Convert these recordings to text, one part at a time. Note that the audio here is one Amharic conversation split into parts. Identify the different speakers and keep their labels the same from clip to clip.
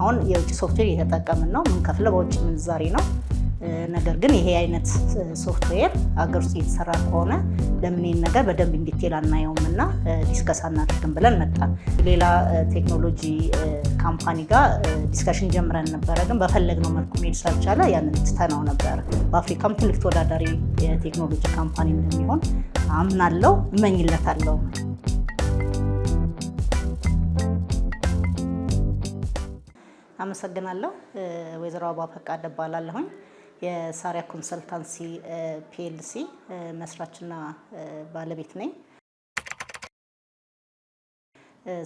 Speaker 1: አሁን የውጭ ሶፍትዌር እየተጠቀምን ነው። የምንከፍለው በውጭ ምንዛሬ ነው። ነገር ግን ይሄ አይነት ሶፍትዌር አገር ውስጥ እየተሰራ ከሆነ ለምን ነገር በደንብ እንዲቴል አናየውም እና ዲስከስ አናደርግም ብለን መጣ። ሌላ ቴክኖሎጂ ካምፓኒ ጋር ዲስከሽን ጀምረን ነበረ፣ ግን በፈለግነው መልኩ መሄድ ስላልቻለ ያንን ትተነው ነበር። በአፍሪካም ትልቅ ተወዳዳሪ የቴክኖሎጂ ካምፓኒ እንደሚሆን አምናለው፣ እመኝለታለው። አመሰግናለሁ። ወይዘሮ አባ ፈቃድ እባላለሁኝ የሳሪያ ኮንሰልታንሲ ፒኤልሲ መስራችና ባለቤት ነኝ።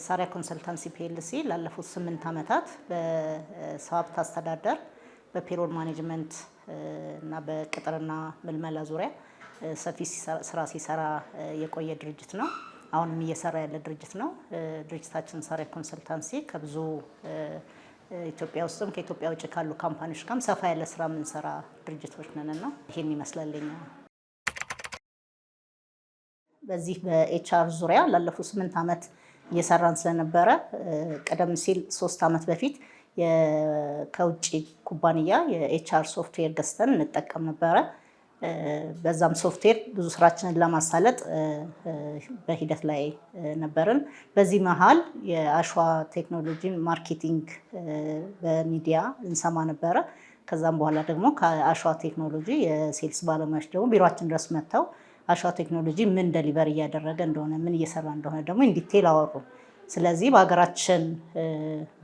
Speaker 1: ሳሪያ ኮንሰልታንሲ ፒኤልሲ ላለፉት ስምንት ዓመታት በሰው ሀብት አስተዳደር በፔሮል ማኔጅመንት እና በቅጥርና ምልመላ ዙሪያ ሰፊ ስራ ሲሰራ የቆየ ድርጅት ነው። አሁንም እየሰራ ያለ ድርጅት ነው። ድርጅታችን ሳሪያ ኮንሰልታንሲ ከብዙ ኢትዮጵያ ውስጥም ከኢትዮጵያ ውጭ ካሉ ካምፓኒዎች ጋርም ሰፋ ያለ ስራ የምንሰራ ድርጅቶች ነንና ይሄን ይመስላልኛ። በዚህ በኤችአር ዙሪያ ላለፉት ስምንት ዓመት እየሰራን ስለነበረ ቀደም ሲል ሶስት ዓመት በፊት ከውጭ ኩባንያ የኤችአር ሶፍትዌር ገዝተን እንጠቀም ነበረ። በዛም ሶፍትዌር ብዙ ስራችንን ለማሳለጥ በሂደት ላይ ነበርን። በዚህ መሀል የአሸዋ ቴክኖሎጂ ማርኬቲንግ በሚዲያ እንሰማ ነበረ። ከዛም በኋላ ደግሞ ከአሸዋ ቴክኖሎጂ የሴልስ ባለሙያዎች ደግሞ ቢሮችን ድረስ መጥተው አሸዋ ቴክኖሎጂ ምን ደሊቨር እያደረገ እንደሆነ ምን እየሰራ እንደሆነ ደግሞ ኢንዲቴል አወሩ። ስለዚህ በሀገራችን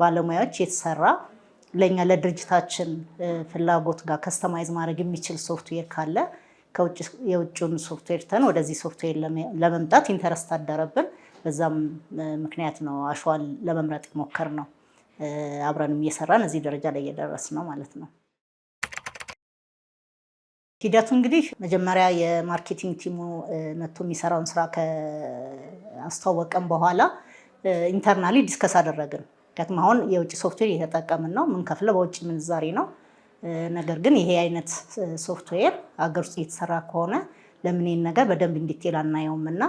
Speaker 1: ባለሙያዎች የተሰራ ለእኛ ለድርጅታችን ፍላጎት ጋር ከስተማይዝ ማድረግ የሚችል ሶፍትዌር ካለ የውጭውን ሶፍትዌር ተን ወደዚህ ሶፍትዌር ለመምጣት ኢንተረስት አደረብን። በዛም ምክንያት ነው አሸዋን ለመምረጥ ሞከር ነው። አብረንም እየሰራን እዚህ ደረጃ ላይ እየደረስ ነው ማለት ነው። ሂደቱ እንግዲህ መጀመሪያ የማርኬቲንግ ቲሙ መጥቶ የሚሰራውን ስራ ከአስተዋወቀን በኋላ ኢንተርናሊ ዲስከስ አደረግን። ምክንያቱም አሁን የውጭ ሶፍትዌር እየተጠቀምን ነው፣ ምንከፍለው በውጭ ምንዛሬ ነው። ነገር ግን ይሄ አይነት ሶፍትዌር ሀገር ውስጥ እየተሰራ ከሆነ ለምን ነገር በደንብ እንዲቴል አናየውም እና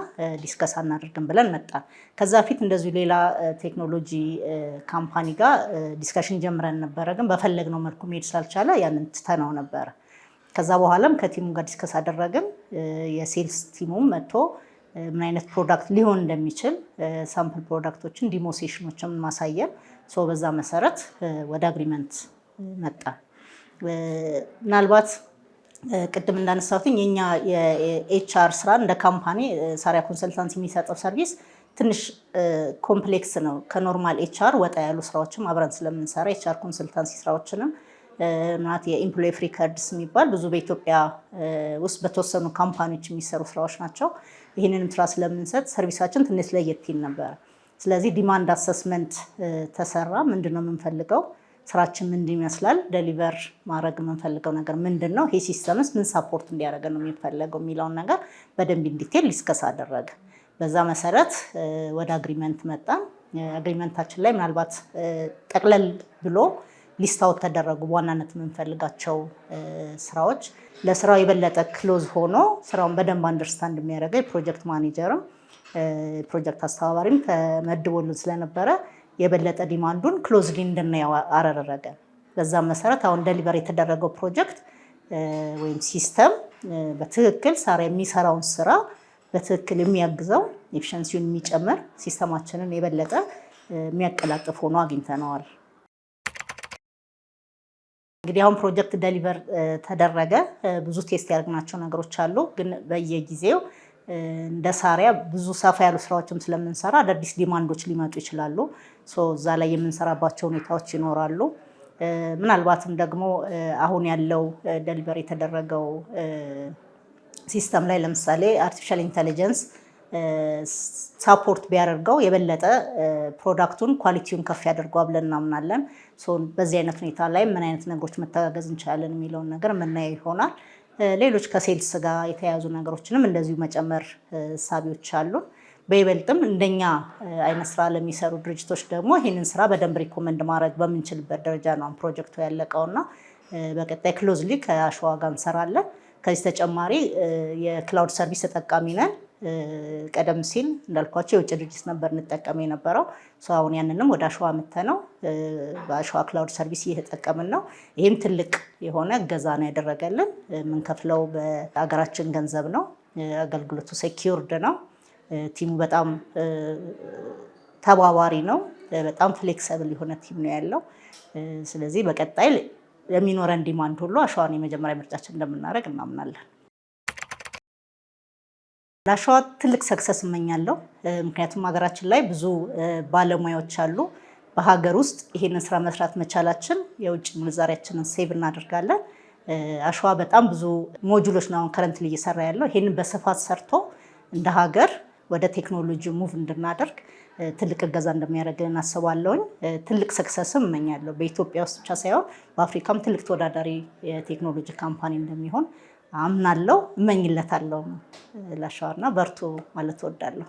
Speaker 1: ዲስከስ አናደርግም ብለን መጣን። ከዛ ፊት እንደዚሁ ሌላ ቴክኖሎጂ ካምፓኒ ጋር ዲስከሽን ጀምረን ነበረ፣ ግን በፈለግነው መልኩ መሄድ ስላልቻለ ያንን ትተነው ነበረ። ከዛ በኋላም ከቲሙ ጋር ዲስከስ አደረግን። የሴልስ ቲሙም መጥቶ ምን አይነት ፕሮዳክት ሊሆን እንደሚችል ሳምፕል ፕሮዳክቶችን ዲሞሴሽኖችን ማሳየን ሰው በዛ መሰረት ወደ አግሪመንት መጣ። ምናልባት ቅድም እንዳነሳትኝ የኛ የኤችአር ስራ እንደ ካምፓኒ ሳሪያ ኮንሰልታንሲ የሚሰጠው ሰርቪስ ትንሽ ኮምፕሌክስ ነው። ከኖርማል ኤችአር ወጣ ያሉ ስራዎችም አብረን ስለምንሰራ ኤችአር ኮንሰልታንሲ ስራዎችንም ምናት የኢምፕሎይ ኦፍ ሪከርድስ የሚባል ብዙ በኢትዮጵያ ውስጥ በተወሰኑ ካምፓኒዎች የሚሰሩ ስራዎች ናቸው። ይህንንም ስራ ስለምንሰጥ ሰርቪሳችን ትንሽ ለየት ይል ነበረ። ስለዚህ ዲማንድ አሰስመንት ተሰራ። ምንድን ነው የምንፈልገው? ስራችን ምንድን ይመስላል? ደሊቨር ማድረግ የምንፈልገው ነገር ምንድን ነው? ይሄ ሲስተምስ ምን ሳፖርት እንዲያደረገ ነው የሚፈለገው የሚለውን ነገር በደንብ ኢንዲቴል ሊስከስ አደረገ። በዛ መሰረት ወደ አግሪመንት መጣን። አግሪመንታችን ላይ ምናልባት ጠቅለል ብሎ ሊስታወት ተደረጉ። በዋናነት የምንፈልጋቸው ስራዎች ለስራው የበለጠ ክሎዝ ሆኖ ስራውን በደንብ አንደርስታንድ የሚያደርገ የፕሮጀክት ማኔጀርም ፕሮጀክት አስተባባሪም ተመድቦልን ስለነበረ የበለጠ ዲማንዱን ክሎዝሊ እንድናየው አረረገ። በዛም መሰረት አሁን ደሊቨር የተደረገው ፕሮጀክት ወይም ሲስተም በትክክል ሳራ የሚሰራውን ስራ በትክክል የሚያግዘው ኤፊሸንሲውን የሚጨምር ሲስተማችንን የበለጠ የሚያቀላጥፍ ሆኖ አግኝተነዋል። እንግዲህ አሁን ፕሮጀክት ደሊቨር ተደረገ። ብዙ ቴስት ያደረግናቸው ነገሮች አሉ፣ ግን በየጊዜው እንደ ሳሪያ ብዙ ሰፋ ያሉ ስራዎችም ስለምንሰራ አዳዲስ ዲማንዶች ሊመጡ ይችላሉ። እዛ ላይ የምንሰራባቸው ሁኔታዎች ይኖራሉ። ምናልባትም ደግሞ አሁን ያለው ደሊቨር የተደረገው ሲስተም ላይ ለምሳሌ አርቲፊሻል ኢንቴሊጀንስ ሳፖርት ቢያደርገው የበለጠ ፕሮዳክቱን ኳሊቲውን ከፍ ያደርገዋል ብለን እናምናለን። በዚህ አይነት ሁኔታ ላይ ምን አይነት ነገሮች መተጋገዝ እንችላለን የሚለውን ነገር የምናየው ይሆናል። ሌሎች ከሴልስ ጋር የተያያዙ ነገሮችንም እንደዚሁ መጨመር ሳቢዎች አሉ። በይበልጥም እንደኛ አይነት ስራ ለሚሰሩ ድርጅቶች ደግሞ ይህንን ስራ በደንብ ሪኮመንድ ማድረግ በምንችልበት ደረጃ ነው ፕሮጀክቱ ያለቀውና በቀጣይ ክሎዝሊ ከአሸዋ ጋር እንሰራለን። ከዚህ ተጨማሪ የክላውድ ሰርቪስ ተጠቃሚ ነን። ቀደም ሲል እንዳልኳቸው የውጭ ድርጅት ነበር እንጠቀም የነበረው። አሁን ያንንም ወደ አሸዋ ነው በአሸዋ ክላውድ ሰርቪስ እየተጠቀምን ነው። ይህም ትልቅ የሆነ እገዛ ነው ያደረገልን። የምንከፍለው በሀገራችን ገንዘብ ነው። አገልግሎቱ ሴኪውርድ ነው። ቲሙ በጣም ተባባሪ ነው። በጣም ፍሌክሰብል የሆነ ቲም ነው ያለው። ስለዚህ በቀጣይ የሚኖረን ዲማንድ ሁሉ አሸዋን የመጀመሪያ ምርጫችን እንደምናደርግ እናምናለን። ለአሸዋ ትልቅ ሰክሰስ እመኛለሁ። ምክንያቱም ሀገራችን ላይ ብዙ ባለሙያዎች አሉ። በሀገር ውስጥ ይሄንን ስራ መስራት መቻላችን የውጭ ምንዛሪያችንን ሴቭ እናደርጋለን። አሸዋ በጣም ብዙ ሞጁሎች ነው አሁን ከረንት እየሰራ ያለው። ይሄንን በስፋት ሰርቶ እንደ ሀገር ወደ ቴክኖሎጂ ሙቭ እንድናደርግ ትልቅ እገዛ እንደሚያደርግልን አስባለሁኝ። ትልቅ ሰክሰስም እመኛለሁ። በኢትዮጵያ ውስጥ ብቻ ሳይሆን በአፍሪካም ትልቅ ተወዳዳሪ የቴክኖሎጂ ካምፓኒ እንደሚሆን አምናለሁ፣ እመኝለታለሁ ላሸዋርና በርቱ ማለት እወዳለሁ።